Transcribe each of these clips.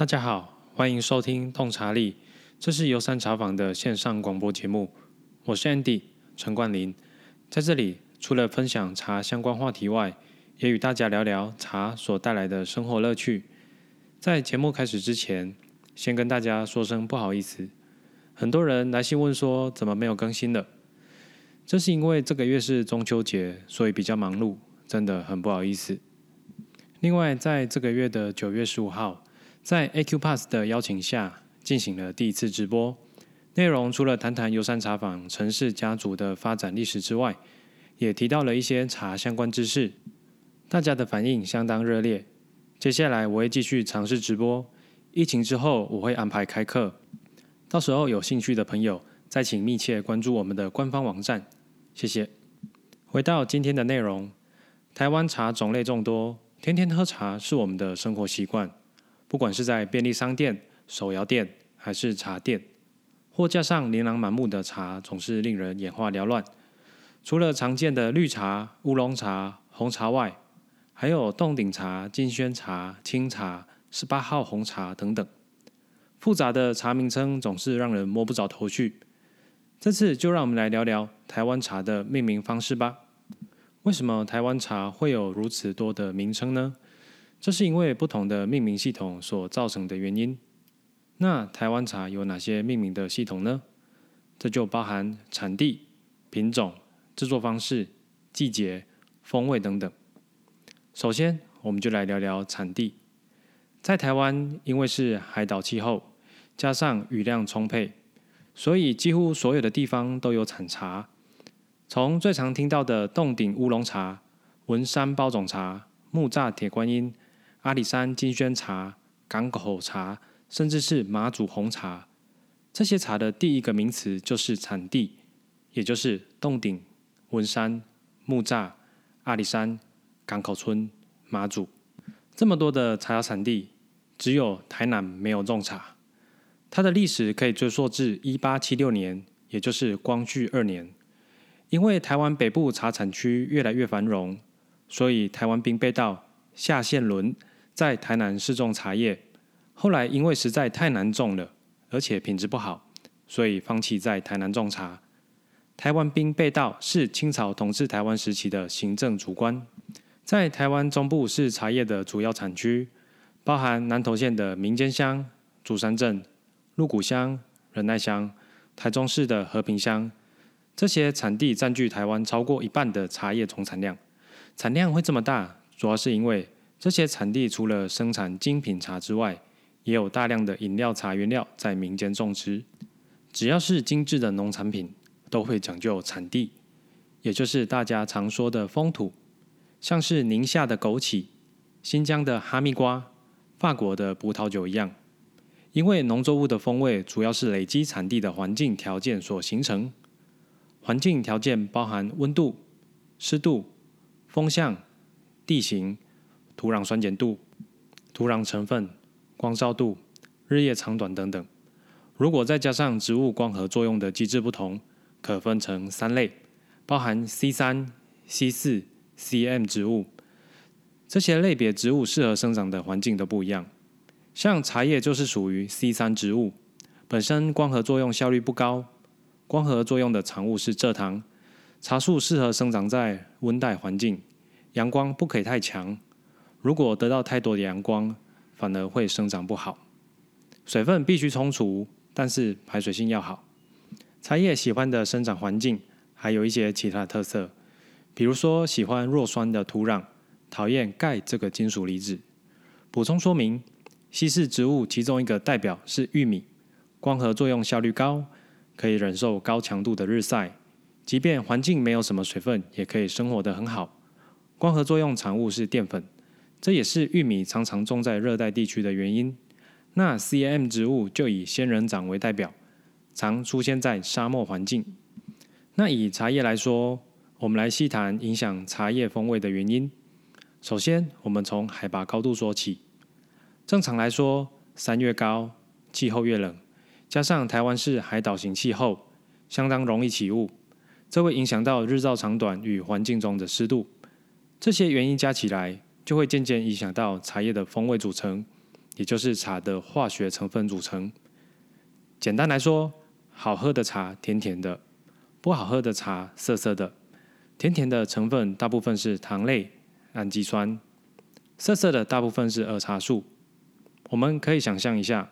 大家好，歡迎收聽《洞察力》，這是遊山茶坊的線上廣播節目。我是 Andy 陳冠霖，在這裡除了分享茶相關話題外，也與大家聊聊茶所帶來的生活樂趣。在節目開始之前，先跟大家說聲不好意思。很多人來信問說怎麼沒有更新了，這是因為這個月是中秋節，所以比較忙碌，真的很不好意思。另外，在這個月的九月十五號。在 A Q Pass 的邀請下，進行了第一次直播。內容除了談談游山茶坊陳氏家族的發展歷史之外，也提到了一些茶相關知識。大家的反應相當熱烈。接下來我會繼續嘗試直播。疫情之後我會安排開課，到時候有興趣的朋友再請密切關注我們的官方網站。謝謝。回到今天的內容，台灣茶種類眾多，天天喝茶是我們的生活習慣。不管是在便利商店、手搖店，還是茶店，貨架上琳琅滿目的茶總是令人眼花繚亂。除了常見的綠茶、烏龍茶、紅茶外，還有凍頂茶、金萱茶、青茶、十八號紅茶等等。複雜的茶名稱總是讓人摸不着頭緒。這次就讓我們來聊聊台灣茶的命名方式吧。為什麼台灣茶會有如此多的名稱呢？這是因為不同的命名系統所造成的原因。那台灣茶有哪些命名的系統呢？這就包含產地、品種、制作方式、季節、風味等等。首先，我們就來聊聊產地。在台灣，因為是海島氣候，加上雨量充沛，所以幾乎所有的地方都有產茶。從最常聽到的凍頂烏龍茶、文山包種茶、木柵鐵觀音。阿里山金萱茶、港口茶，甚至是馬祖紅茶，這些茶的第一個名詞就是產地，也就是凍頂、文山、木柵、阿里山、港口村、馬祖。這麼多的茶，茶產地，只有台南沒有種茶。它的歷史可以追溯至一八七六年，也就是光緒二年。因為台灣北部茶產區越來越繁榮，所以台灣兵備道夏獻綸在台南試種茶葉，後來因為實在太難種了，而且品質不好，所以放棄在台南種茶。臺灣兵備道是清朝統治臺灣時期的行政主官。在臺灣中部是茶葉的主要產區，包含南投縣的名間鄉、竹山鎮、鹿谷鄉、仁愛鄉、台中市的和平鄉，這些產地佔據臺灣超過一半的茶葉總產量。產量會這麼大，主要是因為。這些產地除了生產精品茶之外，也有大量的飲料茶原料在民間種植。只要是精緻的農產品，都會講究產地，也就是大家常說的風土。像是寧夏的枸杞、新疆的哈密瓜、法國的葡萄酒一樣，因為農作物的風味主要是累積產地的環境條件所形成。環境條件包含溫度、濕度、風向、地形、土壤酸鹼度、土壤成分、光照度、日夜長短等等。如果再加上植物光合作用的機制不同，可分成三類，包含 C 三、C 四、Cm 植物。這些類別植物適合生長的環境都不一樣。像茶葉就是屬於 C 三植物，本身光合作用效率不高，光合作用的產物是蔗糖。茶樹適合生長在溫帶環境，陽光不可以太強。如果得到太多的陽光，反而會生長不好。水分必須充足，但是排水性要好。茶葉喜歡的生長環境還有一些其他的特色，比如說喜歡弱酸的土壤，討厭鈣這個金屬離子。補充說明：C4 植物其中一個代表是玉米，光合作用效率高，可以忍受高強度的日曬，即便環境沒有什麼水分，也可以生活得很好。光合作用產物是澱粉。這也是玉米常常種在熱帶地區的原因。那 CAM 植物就以仙人掌為代表，常出現在沙漠環境。那以茶葉來說，我們來細談影響茶葉風味的原因。首先，我們從海拔高度說起。正常來說，山越高，氣候越冷。加上台灣是海島型氣候，相當容易起霧，這會影響到日照長短與環境中的濕度。這些原因加起來。就會漸漸影響到茶葉的風味組成，也就是茶的化學成分組成。簡單來說，好喝的茶甜甜的，不好喝的茶澀澀的。甜甜的成分大部分是糖類、氨基酸；澀澀的大部分是兒茶素。我們可以想象一下，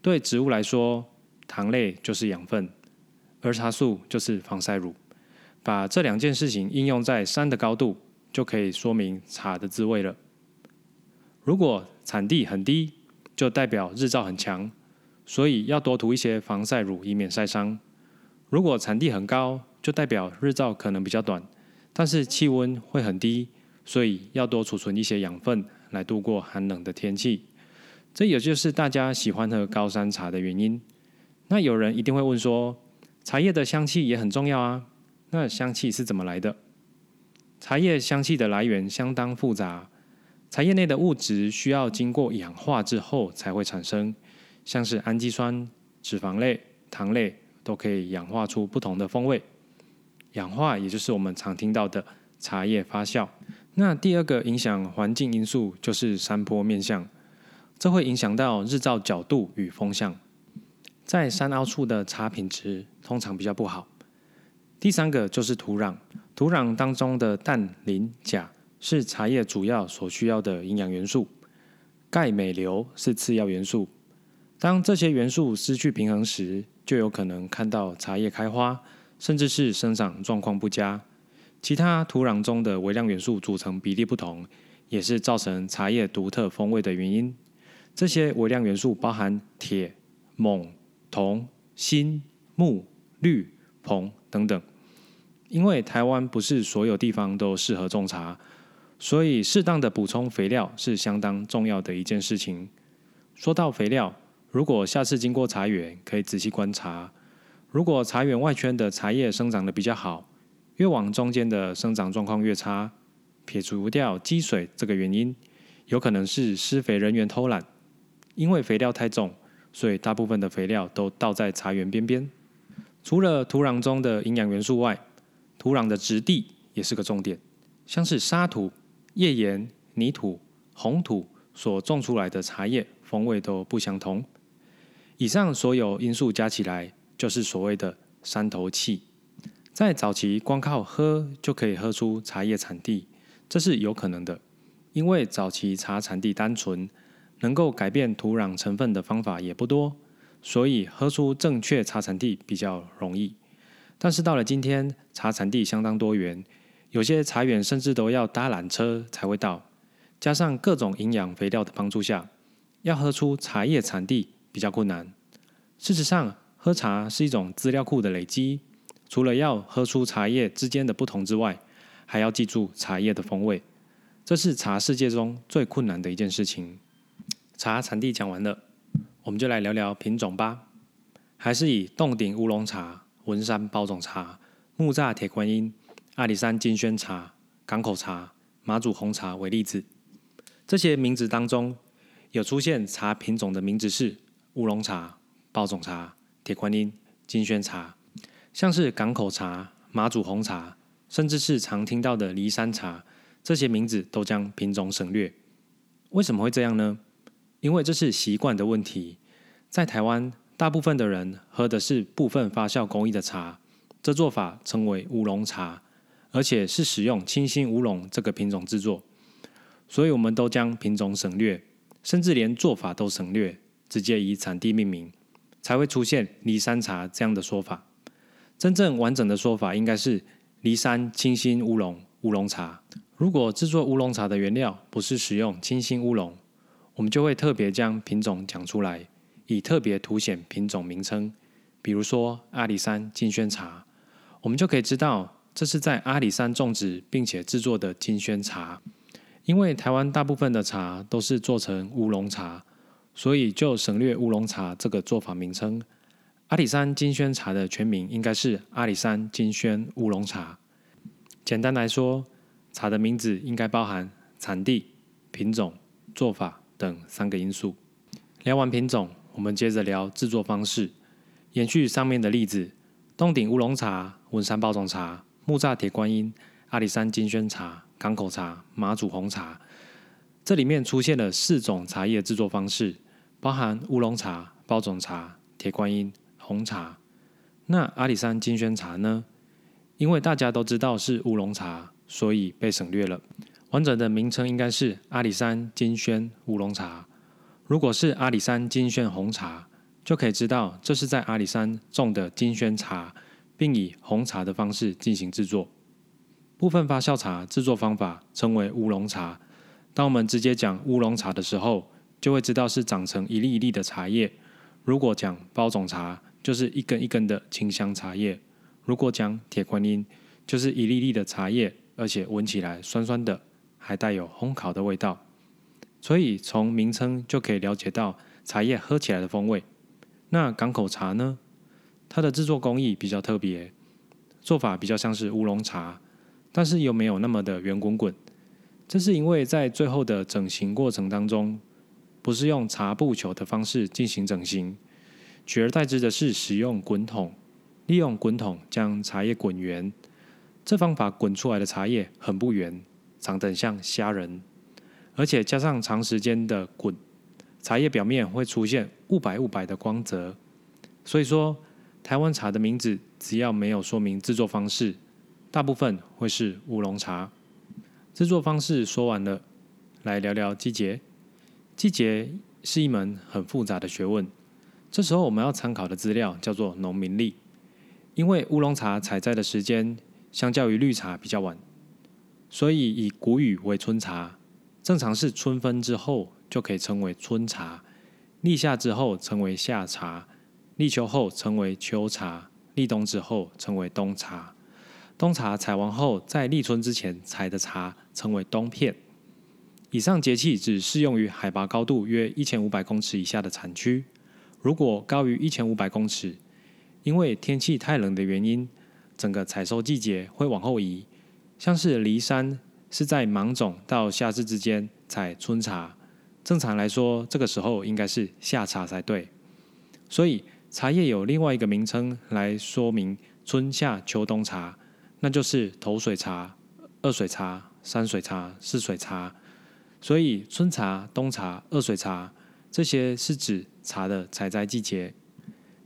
對植物來說，糖類就是養分，兒茶素就是防曬乳。把這兩件事情應用在山的高度。就可以說明茶的滋味了。如果產地很低，就代表日照很強，所以要多塗一些防曬乳，以免曬傷。如果產地很高，就代表日照可能比較短，但是氣溫會很低，所以要多儲存一些養分來度過寒冷的天氣。這也就是大家喜歡喝高山茶的原因。那有人一定會問說，茶葉的香氣也很重要啊，那香氣是怎麼來的？茶葉香氣的來源相當複雜，茶葉內的物質需要經過氧化之後才會產生，像是氨基酸、脂肪類、糖類都可以氧化出不同的風味。氧化也就是我們常聽到的茶葉發酵。那第二個影響環境因素就是山坡面向，這會影響到日照角度與風向，在山凹處的茶品質通常比較不好。第三個就是土壤。土壤當中的氮、磷、鉀是茶葉主要所需要的營養元素，鈣、鎂、硫是次要元素。當這些元素失去平衡時，就有可能看到茶葉開花，甚至是生長狀況不佳。其他土壤中的微量元素組成比例不同，也是造成茶葉獨特風味的原因。這些微量元素包含鐵、錳、銅、鋅、鉬、氯、硼等等。因為台灣不是所有地方都適合種茶，所以適當的補充肥料是相當重要的一件事情。說到肥料，如果下次經過茶園，可以仔細觀察。如果茶園外圈的茶葉生長得比較好，越往中間的生長狀況越差，撇除掉積水這個原因，有可能是施肥人員偷懶，因為肥料太重，所以大部分的肥料都倒在茶園邊邊。除了土壤中的營養元素外，土壤的質地也是個重點，像是沙土、頁岩、泥土、紅土所種出來的茶葉風味都不相同。以上所有因素加起來，就是所謂的山頭氣。在早期，光靠喝就可以喝出茶葉產地，這是有可能的，因為早期茶產地單純，能夠改變土壤成分的方法也不多，所以喝出正確茶產地比較容易。但是到了今天，茶產地相當多元，有些茶園甚至都要搭纜車才會到。加上各種營養肥料的幫助下，要喝出茶葉產地比較困難。事實上，喝茶是一種資料庫的累積，除了要喝出茶葉之間的不同之外，還要記住茶葉的風味，這是茶世界中最困難的一件事情。茶產地講完了，我們就來聊聊品種吧，還是以凍頂烏龍茶。文山包種茶、木柵鐵觀音、阿里山金萱茶、港口茶、馬祖紅茶為例子，這些名字當中有出現茶品種的名字是烏龍茶、包種茶、鐵觀音、金萱茶，像是港口茶、馬祖紅茶，甚至是常聽到的梨山茶，這些名字都將品種省略。為什麼會這樣呢？因為這是習慣的問題，在台灣。大部分的人喝的是部分發酵工藝的茶，這做法稱為烏龍茶，而且是使用青心烏龍這個品種製作，所以我們都將品種省略，甚至連做法都省略，直接以產地命名，才會出現梨山茶這樣的說法。真正完整的說法應該是梨山青心烏龍烏龍茶。如果製作烏龍茶的原料不是使用青心烏龍，我們就會特別將品種講出來，以特別凸顯品種名稱，比如說阿里山金萱茶，我們就可以知道這是在阿里山種植並且制作的金萱茶。因為台灣大部分的茶都是做成烏龍茶，所以就省略烏龍茶這個做法名稱。阿里山金萱茶的全名應該是阿里山金萱烏龍茶。簡單來說，茶的名字應該包含產地、品種、做法等三個因素。聊完品種，我們接着聊製作方式，延續上面的例子，凍頂烏龍茶、文山包種茶、木柵鐵觀音、阿里山金萱茶、港口茶、馬祖紅茶，這裡面出現了四種茶葉製作方式，包含烏龍茶、包種茶、鐵觀音、紅茶。那阿里山金萱茶呢？因為大家都知道是烏龍茶，所以被省略了。完整的名稱應該是阿里山金萱烏龍茶。如果是阿里山金萱紅茶，就可以知道這是在阿里山種的金萱茶，並以紅茶的方式進行制作。部分發酵茶制作方法稱為烏龍茶。當我們直接講烏龍茶的時候，就會知道是長成一粒一粒的茶葉。如果講包種茶，就是一根一根的清香茶葉。如果講鐵觀音，就是一粒粒的茶葉，而且聞起來酸酸的，還帶有烘烤的味道。所以從名稱就可以了解到茶葉喝起來的風味。那港口茶呢？它的製作工藝比較特別，做法比較像是烏龍茶，但是又沒有那麼的圓滾滾。這是因為在最後的整形過程當中，不是用茶布球的方式進行整形，取而代之的是使用滾筒，利用滾筒將茶葉滾圓。這方法滾出來的茶葉很不圓，長得像蝦仁。而且加上長時間的滾，茶葉表面會出現霧白霧白的光澤。所以說，台灣茶的名字只要沒有說明製作方式，大部分會是烏龍茶。製作方式說完了，來聊聊季節。季節是一門很複雜的學問。這時候我們要參考的資料叫做農民曆，因為烏龍茶採摘的時間相較於綠茶比較晚，所以以谷雨為春茶。正常是春分之後就可以稱為春茶，立夏之後稱為夏茶，立秋後稱為秋茶，立冬之後稱為冬茶。冬茶採完後，在立春之前採的茶稱為冬片。以上節氣只適用於海拔高度約一千五百公尺以下的產區。如果高於一千五百公尺，因為天氣太冷的原因，整個採收季節會往後移，像是梨山。是在芒種到夏至之間採春茶，正常來說，這個時候應該是夏茶才對。所以，茶葉有另外一個名稱來說明春夏秋冬茶，那就是頭水茶、二水茶、三水茶、四水茶。所以，春茶、冬茶、二水茶這些是指茶的採摘季節。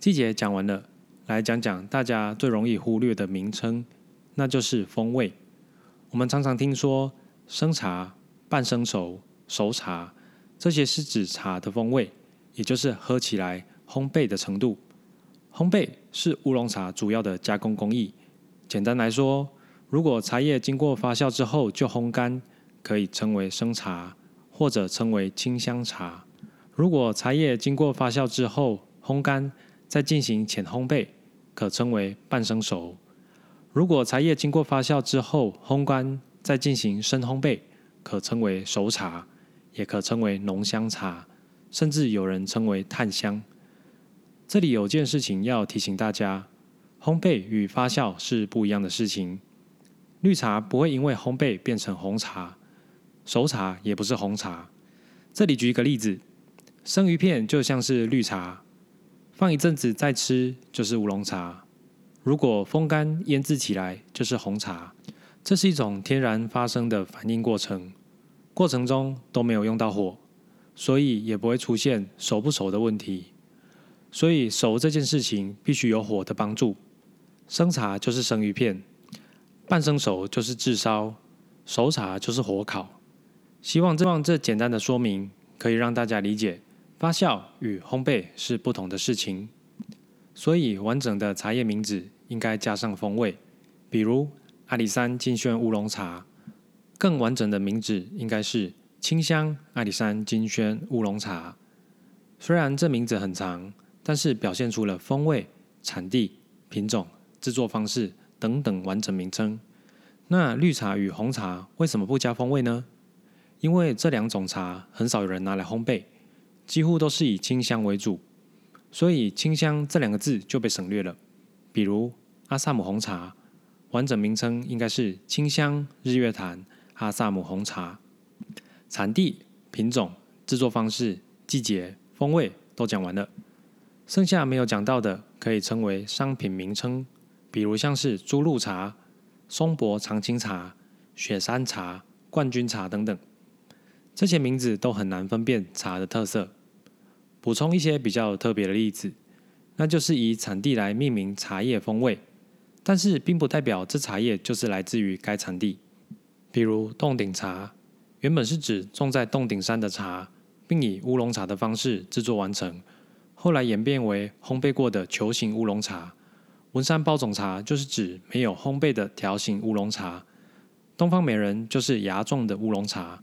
季節講完了，來講講大家最容易忽略的名稱，那就是風味。我們常常聽說生茶、半生熟、熟茶，這些是指茶的風味，也就是喝起來烘焙的程度。烘焙是烏龍茶主要的加工工藝。簡單來說，如果茶葉經過發酵之後就烘乾，可以稱為生茶，或者稱為清香茶；如果茶葉經過發酵之後烘乾，再進行淺烘焙，可稱為半生熟。如果茶葉經過發酵之後烘乾，再進行深烘焙，可稱為熟茶，也可稱為濃香茶，甚至有人稱為炭香。這裡有件事情要提醒大家：烘焙與發酵是不一樣的事情。綠茶不會因為烘焙變成紅茶，熟茶也不是紅茶。這裡舉一個例子：生魚片就像是綠茶，放一陣子再吃就是烏龍茶。如果風乾醃製起來就是紅茶，這是一種天然發生的反應過程，過程中都沒有用到火，所以也不會出現熟不熟的問題。所以熟這件事情必須有火的幫助。生茶就是生魚片，半生熟就是炙燒，熟茶就是火烤。希望這樣這簡單的說明可以讓大家理解發酵與烘焙是不同的事情。所以完整的茶葉名字，應該加上風味，比如阿里山金萱烏龍茶，更完整的名字應該是清香阿里山金萱烏龍茶。雖然這名字很長，但是表現出了風味、產地、品種、制作方式等等完整名稱。那綠茶與紅茶為什麼不加風味呢？因為這兩種茶很少有人拿來烘焙，幾乎都是以清香為主，所以清香這兩個字就被省略了。比如阿薩姆紅茶，完整名稱應該是清香日月潭阿薩姆紅茶，產地、品種、製作方式、季節、風味都講完了，剩下沒有講到的可以稱為商品名稱，比如像是珠露茶、松柏長青茶、雪山茶、冠軍茶等等，這些名字都很難分辨茶的特色。補充一些比較特別的例子。那就是以產地來命名茶葉風味，但是並不代表這茶葉就是來自於該產地。比如凍頂茶，原本是指種在凍頂山的茶，並以烏龍茶的方式製作完成，後來演變為烘焙過的球形烏龍茶。文山包種茶就是指沒有烘焙的條形烏龍茶。東方美人就是芽狀的烏龍茶。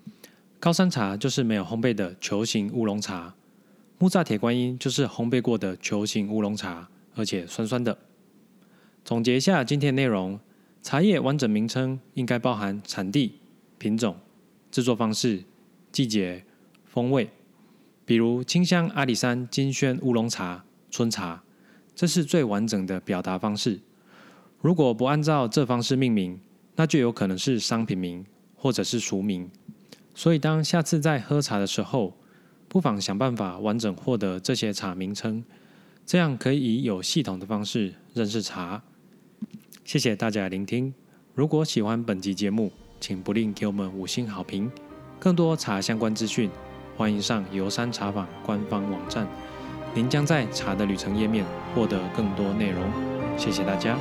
高山茶就是沒有烘焙的球形烏龍茶。木柵鐵觀音就是烘焙過的球形烏龍茶，而且酸酸的。總結一下今天內容：茶葉完整名稱應該包含產地、品種、製作方式、季節、風味，比如清香阿里山金萱烏龍茶春茶，這是最完整的表達方式。如果不按照這方式命名，那就有可能是商品名或者是俗名。所以當下次再喝茶的時候，不妨想辦法完整獲得這些茶名稱，這樣可以以有系統的方式認識茶。謝謝大家的聆聽。如果喜歡本集節目，請不吝給我們五星好評。更多茶相關資訊，歡迎上遊山茶坊官方網站，您將在“茶的旅程”頁面獲得更多內容。謝謝大家。